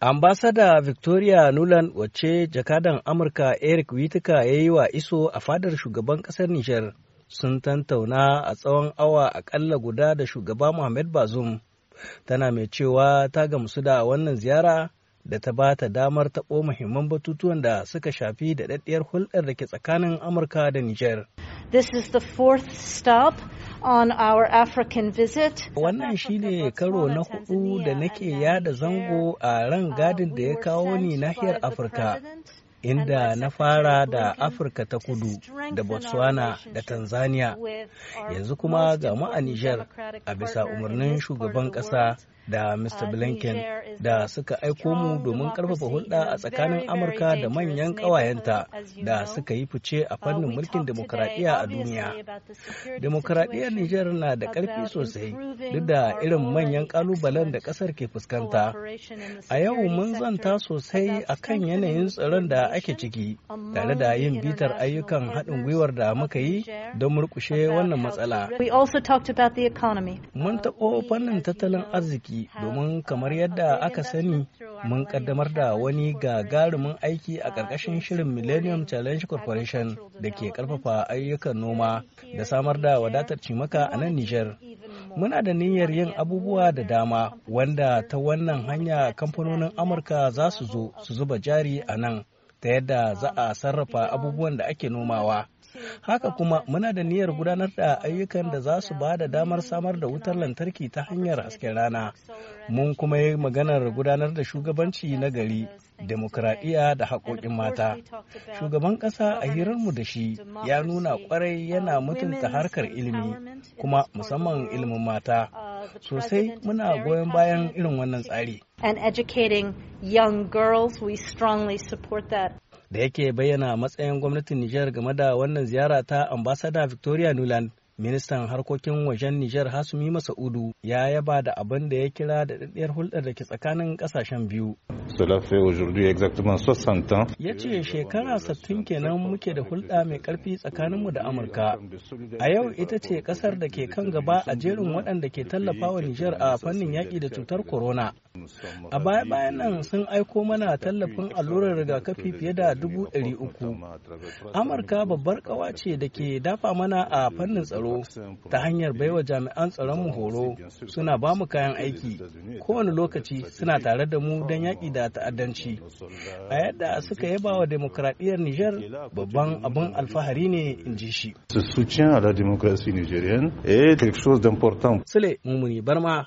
Ambasada Victoria nulan wace jakadan Amurka Eric Witika ya yi wa iso a fadar shugaban ƙasar Nijar sun tantauna a tsawon awa aƙalla guda da shugaba Muhammad Bazoum. Tana mai cewa ta gamsu da wannan ziyara da ta ba ta damar taɓo muhimman batutuwan da suka shafi da ɗaɗɗiyar hulɗar da ke tsakanin Amurka da Nijar. This is the fourth stop on our African visit. Wannan shi ne karo na hudu da nake yada zango a ran gadin da ya kawo ni nahiyar Afirka. Inda na fara da Afirka ta kudu da Botswana da Tanzania, yanzu kuma ga a Nijar a bisa umarnin shugaban ƙasa da uh, Mr. Blinken da suka aiko mu domin karfafa hulɗa a tsakanin Amurka da manyan ƙawayenta da suka yi fice a uh, fannin mulkin demokuraɗiyya a duniya. Demokuraɗiyyar Nijar na da ƙarfi sosai duk da irin manyan ƙalubalen da ƙasar ke fuskanta. A yau mun zanta sosai a kan yanayin tsaron da ake ciki tare da yin bitar ayyukan haɗin gwiwar da muka yi don murƙushe wannan matsala. Mun uh, taɓo fannin tattalin arziki domin kamar yadda aka sani mun kaddamar da wani gagarumin aiki a ƙarƙashin shirin Millennium Challenge Corporation da ke ƙarfafa ayyukan noma da samar da wadatar cimaka a nan Nijar. Muna da niyyar yin abubuwa da dama wanda ta wannan hanya kamfanonin Amurka za su zo su zuba jari a nan. ta yadda za a sarrafa abubuwan da ake nomawa. Haka kuma muna da niyyar gudanar da ayyukan da za su ba da damar samar da wutar lantarki ta hanyar hasken rana. Mun kuma yi maganar gudanar da shugabanci na gari, demokuraɗiyya da haƙoƙin mata. Shugaban ƙasa a hirarmu da shi ya nuna ƙwarai yana mutunta harkar ilimi, kuma musamman ilimin mata. sosai muna goyon bayan irin wannan tsari. And educating young girls, we strongly support Da yake bayyana matsayin gwamnatin Nijar game da wannan ziyara ta ambasada Victoria Nuland. ministan harkokin wajen Nijar Hasumi Masa'udu ya yaba da abin da ya kira da daɗaɗɗiyar hulɗar da ke tsakanin ƙasashen biyu. Ya ce shekara sattin kenan muke da hulɗa mai ƙarfi tsakaninmu da Amurka. A yau ita ce ƙasar da ke kan gaba a jerin waɗanda ke tallafawa Nijar a fannin yaƙi da cutar corona. A baya-bayan nan sun aiko mana tallafin allurar rigakafi fiye da dubu ɗari uku. Amurka babbar ƙawa ce da ke dafa mana a fannin tsaro ta hanyar baiwa jami'an tsaron mu horo suna ba mu kayan aiki kowane lokaci suna tare da mu don yaƙi da ta'addanci. A yadda suka yaba wa demokradiyyar Nijar babban abin alfahari ne in ji shi. Sule Mumuni Barma